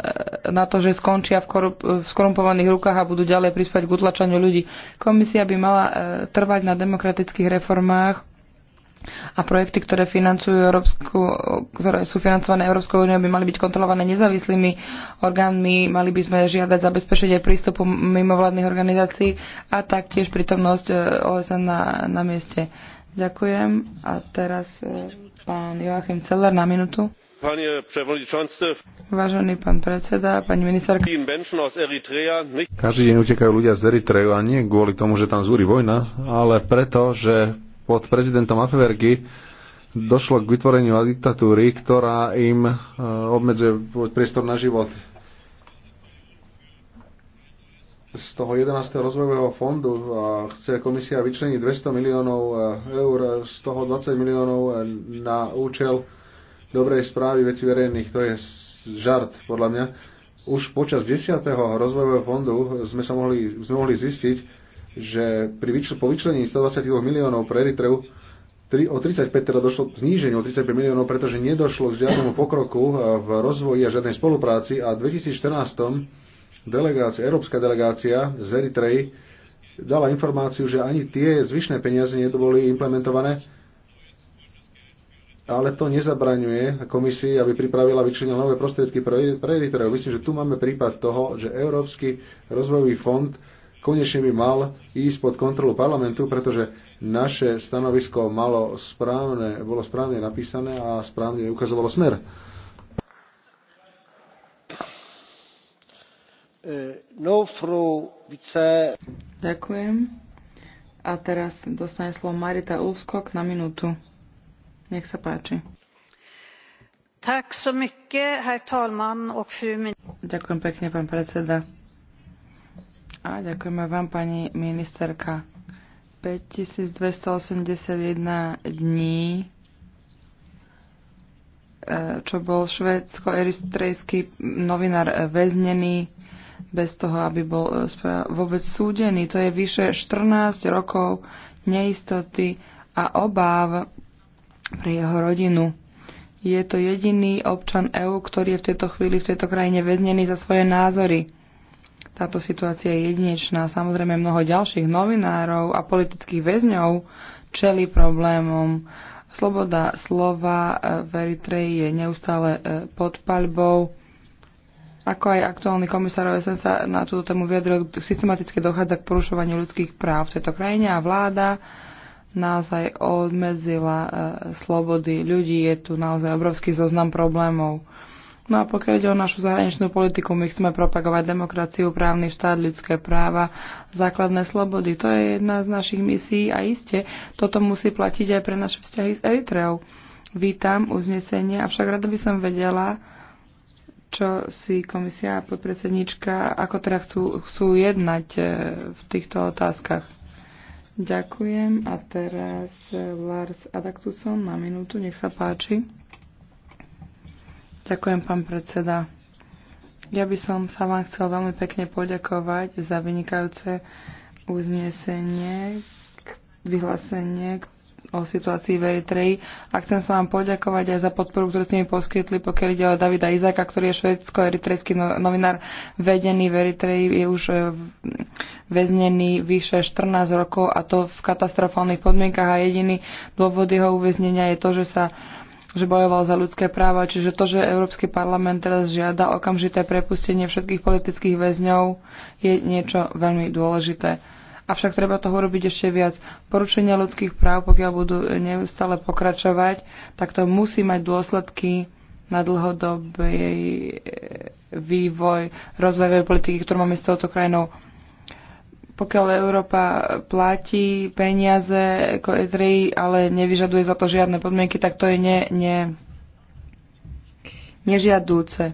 na to, že skončia v, korup- v skorumpovaných rukách a budú ďalej prispať k utlačaniu ľudí. Komisia by mala e, trvať na demokratických reformách a projekty, ktoré, financujú Európsku, ktoré sú financované Európskou úniou, by mali byť kontrolované nezávislými orgánmi, mali by sme žiadať zabezpečenie prístupu mimovládnych organizácií a taktiež prítomnosť e, OSN na, na mieste. Ďakujem. A teraz e, pán Joachim Celler na minútu. Vážený pán predseda, pani ministerka. Každý deň utekajú ľudia z Eritreju a nie kvôli tomu, že tam zúri vojna, ale preto, že pod prezidentom Afevergy došlo k vytvoreniu diktatúry, ktorá im e, obmedzuje priestor na život. Z toho 11. rozvojového fondu chce komisia vyčleniť 200 miliónov e, eur, z toho 20 miliónov e, na účel dobrej správy veci verejných. To je žart, podľa mňa. Už počas 10. rozvojového fondu sme, sa mohli, sme mohli zistiť, že pri vyčl- po vyčlení 122 miliónov pre Eritreu tri, o 35 teda došlo k zníženiu o 35 miliónov, pretože nedošlo k žiadnemu pokroku e, v rozvoji a žiadnej spolupráci a v 2014 delegácia, európska delegácia z Eritreji dala informáciu, že ani tie zvyšné peniaze neboli implementované ale to nezabraňuje komisii, aby pripravila vyčlenila nové prostriedky pre, pre Eritreu. Myslím, že tu máme prípad toho, že Európsky rozvojový fond konečne by mal ísť pod kontrolu parlamentu, pretože naše stanovisko malo správne, bolo správne napísané a správne ukazovalo smer. Eh, no, Ďakujem. A teraz dostane slovo Marita Ulskok na minútu. Nech sa páči. Ďakujem pekne, pán predseda. A ďakujem aj vám, pani ministerka. 5281 dní, e, čo bol švédsko-eristrejský novinár väznený bez toho, aby bol e, vôbec súdený. To je vyše 14 rokov neistoty a obáv pre jeho rodinu. Je to jediný občan EÚ, ktorý je v tejto chvíli v tejto krajine väznený za svoje názory. Táto situácia je jedinečná. Samozrejme mnoho ďalších novinárov a politických väzňov čeli problémom. Sloboda slova e, v Eritreji je neustále e, pod paľbou. Ako aj aktuálny komisár OSN sa na túto tému vyjadril, systematicky dochádza k porušovaniu ľudských práv v tejto krajine a vláda naozaj obmedzila e, slobody ľudí. Je tu naozaj obrovský zoznam problémov. No a pokiaľ ide o našu zahraničnú politiku, my chceme propagovať demokraciu, právny štát, ľudské práva, základné slobody. To je jedna z našich misií a iste toto musí platiť aj pre naše vzťahy s Eritreou. Vítam uznesenie, avšak rada by som vedela, čo si komisia a podpredsednička, ako teda chcú, chcú jednať e, v týchto otázkach. Ďakujem a teraz eh, Lars Adaktusom na minútu, nech sa páči. Ďakujem, pán predseda. Ja by som sa vám chcel veľmi pekne poďakovať za vynikajúce uznesenie, vyhlásenie, o situácii v Eritreji a chcem sa vám poďakovať aj za podporu, ktorú ste mi poskytli, pokiaľ ide o Davida Izaka, ktorý je švedsko-eritrejský no- novinár vedený v Eritreji, je už e, väznený vyše 14 rokov a to v katastrofálnych podmienkach a jediný dôvod jeho uväznenia je to, že sa že bojoval za ľudské práva, čiže to, že Európsky parlament teraz žiada okamžité prepustenie všetkých politických väzňov, je niečo veľmi dôležité avšak treba toho urobiť ešte viac. Porušenia ľudských práv, pokiaľ budú neustále pokračovať, tak to musí mať dôsledky na dlhodobý e, vývoj rozvojovej politiky, ktorú máme s touto krajinou. Pokiaľ Európa platí peniaze E3, ale nevyžaduje za to žiadne podmienky, tak to je ne, ne, nežiadúce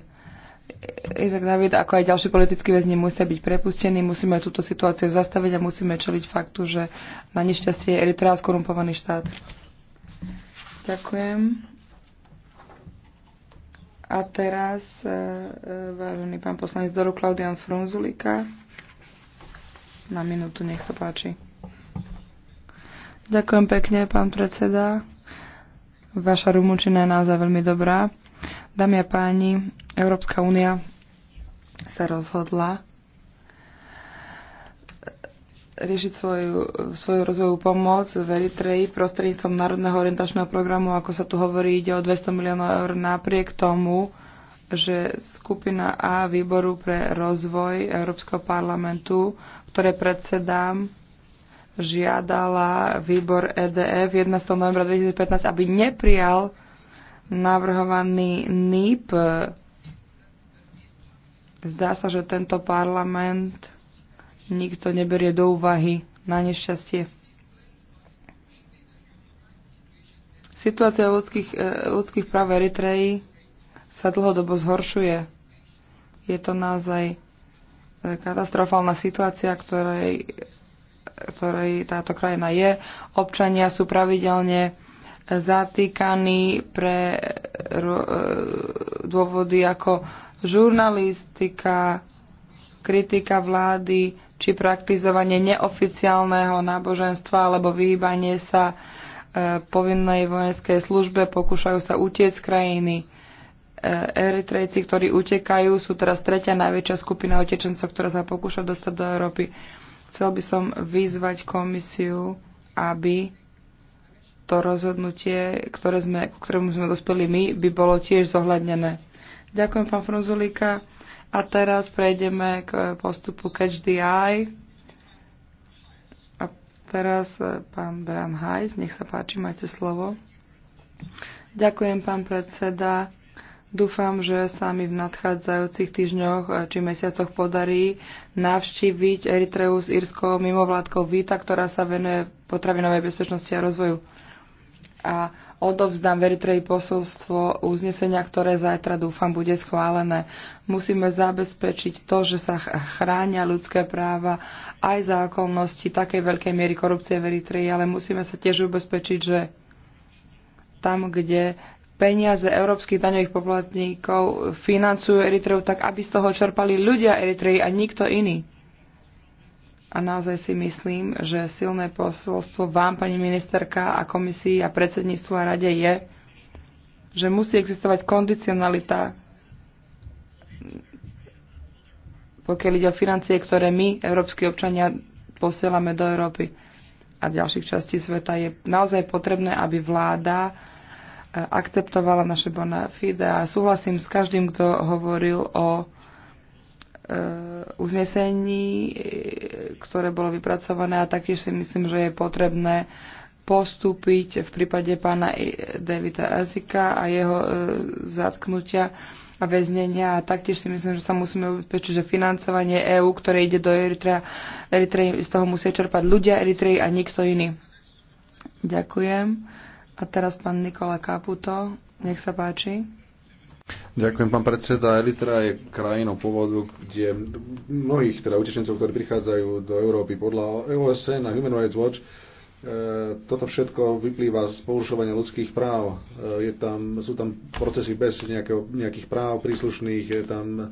Izak David, ako aj ďalší politickí väzni musia byť prepustení, musíme túto situáciu zastaviť a musíme čeliť faktu, že na nešťastie Eritrea skorumpovaný štát. Ďakujem. A teraz, e, e, vážený pán poslanec Doru Klaudian Frunzulika, na minútu, nech sa páči. Ďakujem pekne, pán predseda. Vaša rumunčina je naozaj veľmi dobrá. Dámy a páni, Európska únia sa rozhodla riešiť svoju, svoju rozvojovú pomoc v Eritreji prostredníctvom Národného orientačného programu, ako sa tu hovorí, ide o 200 miliónov eur napriek tomu, že skupina A výboru pre rozvoj Európskeho parlamentu, ktoré predsedám, žiadala výbor e EDF 11. novembra 2015, aby neprijal navrhovaný NIP. Zdá sa, že tento parlament nikto neberie do úvahy na nešťastie. Situácia ľudských, e, ľudských práv Eritreji sa dlhodobo zhoršuje. Je to naozaj e, katastrofálna situácia, ktorej, ktorej táto krajina je. Občania sú pravidelne zatýkaní pre e, dôvody ako žurnalistika, kritika vlády či praktizovanie neoficiálneho náboženstva alebo vyhýbanie sa e, povinnej vojenskej službe, pokúšajú sa utiec z krajiny. E, Eritrejci, ktorí utekajú, sú teraz tretia najväčšia skupina utečencov, ktorá sa pokúša dostať do Európy. Chcel by som vyzvať komisiu, aby to rozhodnutie, ktoré sme, k ktorému sme dospeli my, by bolo tiež zohľadnené. Ďakujem, pán Frunzulíka. A teraz prejdeme k postupu Catch the Eye. A teraz eh, pán Bram Hajs, nech sa páči, máte slovo. Ďakujem, pán predseda. Dúfam, že sa mi v nadchádzajúcich týždňoch eh, či mesiacoch podarí navštíviť Eritreu s írskou mimovládkou Vita, ktorá sa venuje potravinovej bezpečnosti a rozvoju a odovzdám Veritrej posolstvo uznesenia, ktoré zajtra dúfam bude schválené. Musíme zabezpečiť to, že sa chránia ľudské práva aj za okolnosti takej veľkej miery korupcie v Eritreji, ale musíme sa tiež ubezpečiť, že tam, kde peniaze európskych daňových poplatníkov financujú Eritreu, tak aby z toho čerpali ľudia Eritreji a nikto iný a naozaj si myslím, že silné posolstvo vám, pani ministerka a komisii a predsedníctvu a rade je, že musí existovať kondicionalita, pokiaľ ide o financie, ktoré my, európsky občania, posielame do Európy a ďalších častí sveta. Je naozaj potrebné, aby vláda e, akceptovala naše bona fide a súhlasím s každým, kto hovoril o Eh, uznesení, eh, ktoré bolo vypracované a taktiež si myslím, že je potrebné postúpiť v prípade pána Davida Azika a jeho eh, zatknutia a väznenia a taktiež si myslím, že sa musíme ubezpečiť, že financovanie EÚ, ktoré ide do Eritrea, Eritrej, z toho musia čerpať ľudia Eritrej a nikto iný. Ďakujem. A teraz pán Nikola Kaputo, nech sa páči. Ďakujem, pán predseda. Eritrea je krajinou pôvodu, kde mnohých teda utečencov, ktorí prichádzajú do Európy podľa OSN a Human Rights Watch, e, toto všetko vyplýva z porušovania ľudských práv. E, je tam, sú tam procesy bez nejakého, nejakých práv príslušných, je tam e,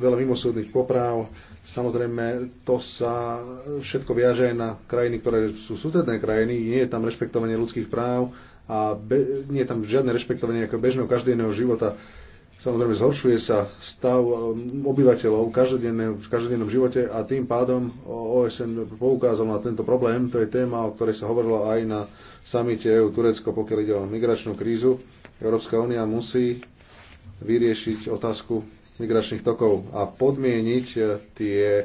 veľa mimosúdnych poprav. Samozrejme, to sa všetko viaže aj na krajiny, ktoré sú susedné krajiny. Nie je tam rešpektovanie ľudských práv, a be, nie je tam žiadne rešpektovanie ako bežného každodenného života. Samozrejme zhoršuje sa stav um, obyvateľov v, v každodennom živote a tým pádom OSN poukázal na tento problém. To je téma, o ktorej sa hovorilo aj na samite EU-Turecko, pokiaľ ide o migračnú krízu. Európska únia musí vyriešiť otázku migračných tokov a podmieniť e, tie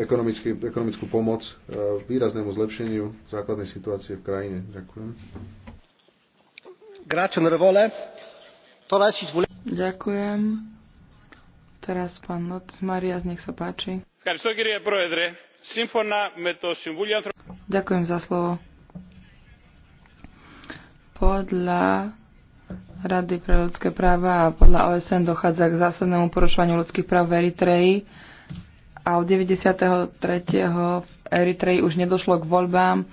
ekonomickú pomoc e, výraznému zlepšeniu základnej situácie v krajine. Ďakujem. Ďakujem. Teraz pán Notis Marias, nech sa páči. Ďakujem za slovo. Podľa Rady pre ľudské práva a podľa OSN dochádza k zásadnému porušovaniu ľudských práv v Eritreji a od 93. v Eritreji už nedošlo k voľbám,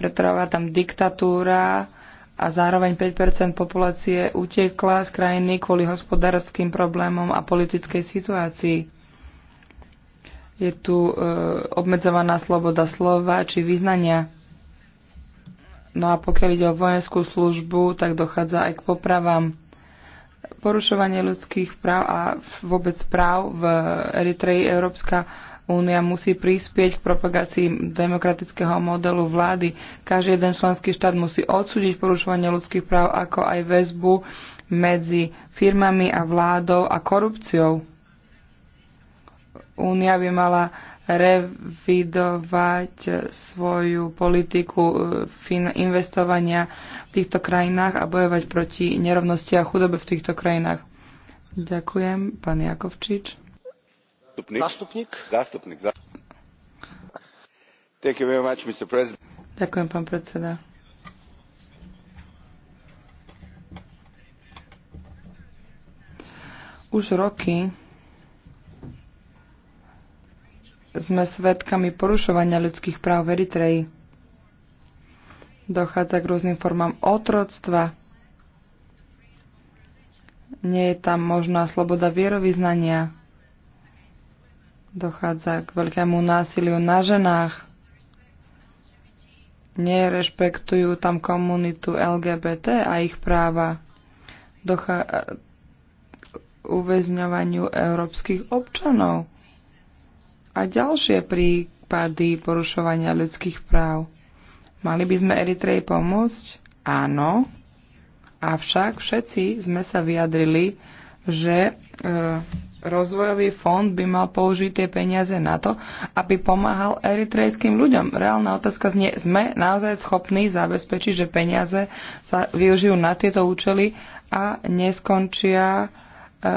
pretrváva tam diktatúra, a zároveň 5 populácie utekla z krajiny kvôli hospodárským problémom a politickej situácii. Je tu e, obmedzovaná sloboda slova či význania. No a pokiaľ ide o vojenskú službu, tak dochádza aj k popravám. Porušovanie ľudských práv a vôbec práv v Eritreji Európska Únia musí prispieť k propagácii demokratického modelu vlády. Každý jeden členský štát musí odsúdiť porušovanie ľudských práv, ako aj väzbu medzi firmami a vládou a korupciou. Únia by mala revidovať svoju politiku e, investovania v týchto krajinách a bojovať proti nerovnosti a chudobe v týchto krajinách. Ďakujem, pán Jakovčič. Ďakujem, pán predseda. Už roky sme svedkami porušovania ľudských práv v Eritreji. Dochádza k rôznym formám otroctva. Nie je tam možná sloboda vierovýznania. Dochádza k veľkému násiliu na ženách. Nerešpektujú tam komunitu LGBT a ich práva. Dochádza uväzňovaniu európskych občanov a ďalšie prípady porušovania ľudských práv. Mali by sme Eritreji pomôcť? Áno. Avšak všetci sme sa vyjadrili, že e, rozvojový fond by mal použiť tie peniaze na to, aby pomáhal eritrejským ľuďom. Reálna otázka znie, sme naozaj schopní zabezpečiť, že peniaze sa využijú na tieto účely a neskončia e,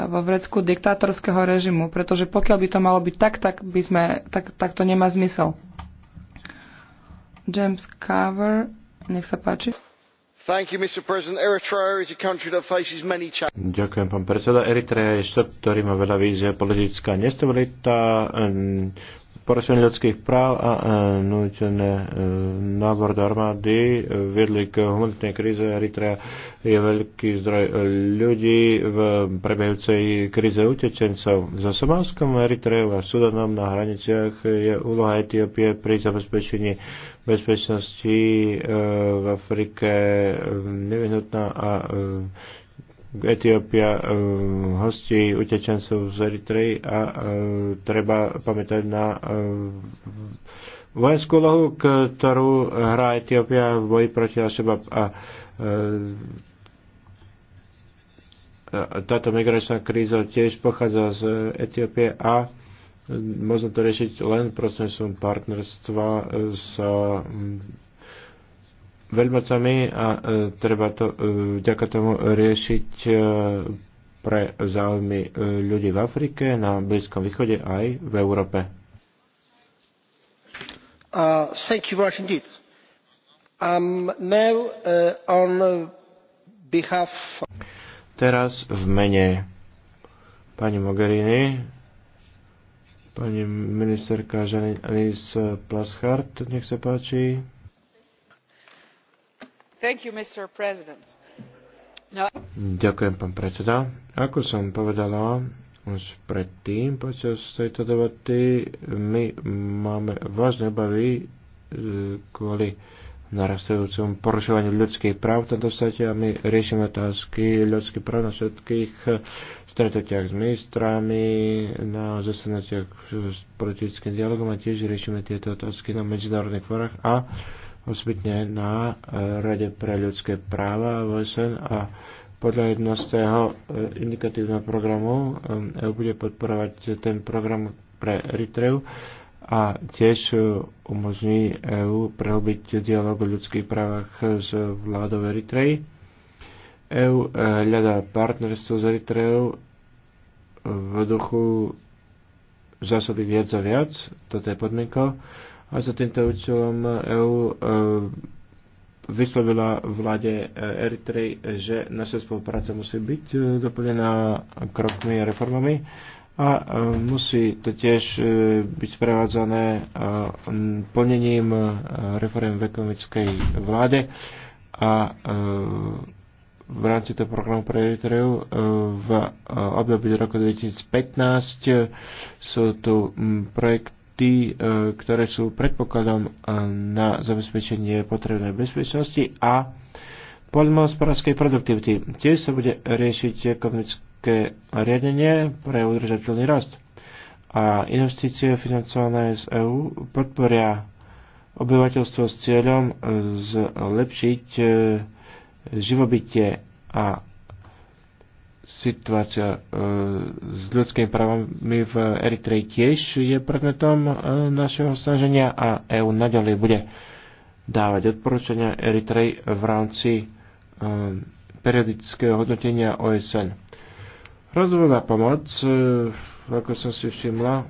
vo vrecku diktátorského režimu, pretože pokiaľ by to malo byť tak, tak, by sme, tak, tak to nemá zmysel. James Carver, nech sa páči. Ďakujem, pán predseda. Eritrea je štát, ktorý má veľa vízie politická nestabilita, porušenie ľudských práv a nutené nábor do armády viedli k humanitnej kríze. Eritrea je veľký zdroj ľudí v prebiehajúcej kríze utečencov. Za Somálskom, Eritreou a Sudanom na hraniciach je úloha Etiópie pri zabezpečení bezpečnosti e, v Afrike e, nevyhnutná a e, Etiópia hostí utečencov z Eritreji a treba pamätať na vojenskú lohu, ktorú hrá Etiópia v boji proti al a táto migračná kríza tiež pochádza z Etiópie a možno to riešiť len prostredníctvom partnerstva s mm, veľmocami a e, treba to e, vďaka tomu riešiť e, pre záujmy ľudí v Afrike, na Blízkom východe aj v Európe. Uh, thank you very much indeed. Um, now, uh, on behalf... Teraz v mene pani Mogherini Pani ministerka Žanin Alice Plaschart, nech sa páči. Thank you, Mr. President. No. Ďakujem, pán predseda. Ako som povedala už predtým, počas tejto debaty, my máme vážne obavy eh, kvôli narastajúcom porušovaniu ľudských práv v tomto svete a my riešime otázky ľudských práv na všetkých stretnutiach s ministrami, na zastanutiach s politickým dialogom a tiež riešime tieto otázky na medzinárodných forách a osobitne na e, Rade pre ľudské práva OSN a podľa 11. E, indikatívneho programu EU e bude podporovať ten program pre Eritreu a tiež e, umožní EÚ prehlbiť dialog o ľudských právach s vládou Eritreji. EÚ e, hľadá partnerstvo s Eritreou v duchu zásady viac a viac, toto je podmienka, a za týmto účelom EÚ e, vyslovila vláde Eritrej, že naša spolupráca musí byť doplnená krokmi a reformami a e, musí to tiež e, byť sprevádzané e, plnením reform v ekonomickej vláde a v rámci toho programu pre Eritreju v období roku 2015 sú tu projekty, ktoré sú predpokladom na zabezpečenie potrebnej bezpečnosti a poľnohospodárskej produktivity. Tiež sa bude riešiť ekonomické ekonomické riadenie pre udržateľný rast. A investície financované z EÚ podporia obyvateľstvo s cieľom zlepšiť e, živobytie a situácia e, s ľudskými právami v Eritreji tiež je predmetom e, našeho snaženia a EÚ naďalej bude dávať odporúčania Eritreji v rámci periodického hodnotenia OSN. Rozvojová pomoc, e, ako som si všimla,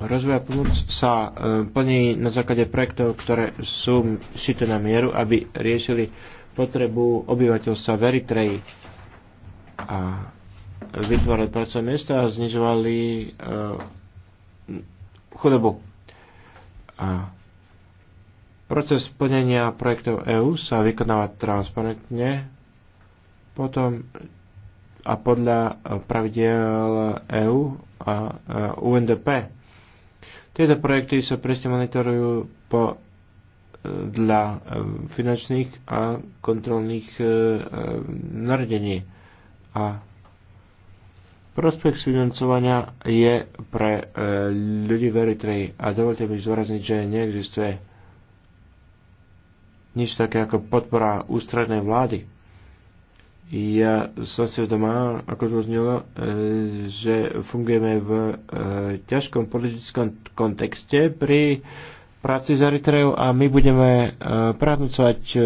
rozvojová pomoc sa e, plní na základe projektov, ktoré sú šité na mieru, aby riešili potrebu obyvateľstva v Eritreji a vytvárať pracovné miesta a znižovali uh, chudobu. A proces plnenia projektov EÚ sa vykonáva transparentne potom, a podľa eh, pravidel EU a eh, UNDP. Tieto projekty sa presne monitorujú podľa eh, finančných a kontrolných nariadení. A Prospekt financovania je pre e, ľudí v Eritreji a dovolte mi zvorazniť, že neexistuje nič také ako podpora ústrednej vlády. Ja som si vedomá, ako zvoznilo, e, že fungujeme v e, ťažkom politickom kontexte pri práci s Eritreou a my budeme e, pracovať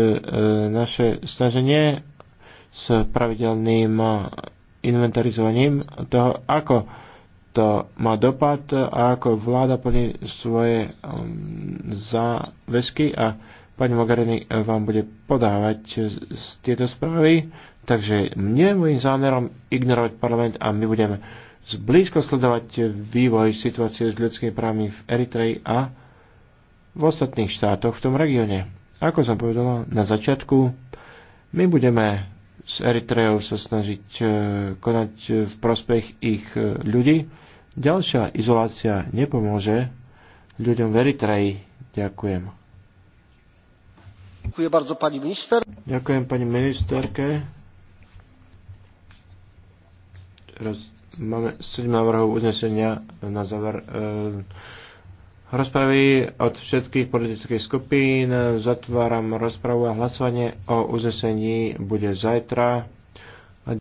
naše snaženie s pravidelným inventarizovaním toho, ako to má dopad a ako vláda plní svoje um, záväzky a pani Mogherini vám bude podávať tieto správy Takže nie je môjim zámerom ignorovať parlament a my budeme zblízko sledovať vývoj situácie s ľudskými právami v Eritreji a v ostatných štátoch v tom regióne. Ako som povedala na začiatku, my budeme s Eritreou sa snažiť e, konať v prospech ich e, ľudí. Ďalšia izolácia nepomôže ľuďom v Eritreji. Ďakujem. Ďakujem bardzo pani minister. Ďakujem pani ministerke roz... máme 7 návrhov uznesenia na záver eh, rozpravy od všetkých politických skupín. Zatváram rozpravu a hlasovanie o uznesení bude zajtra.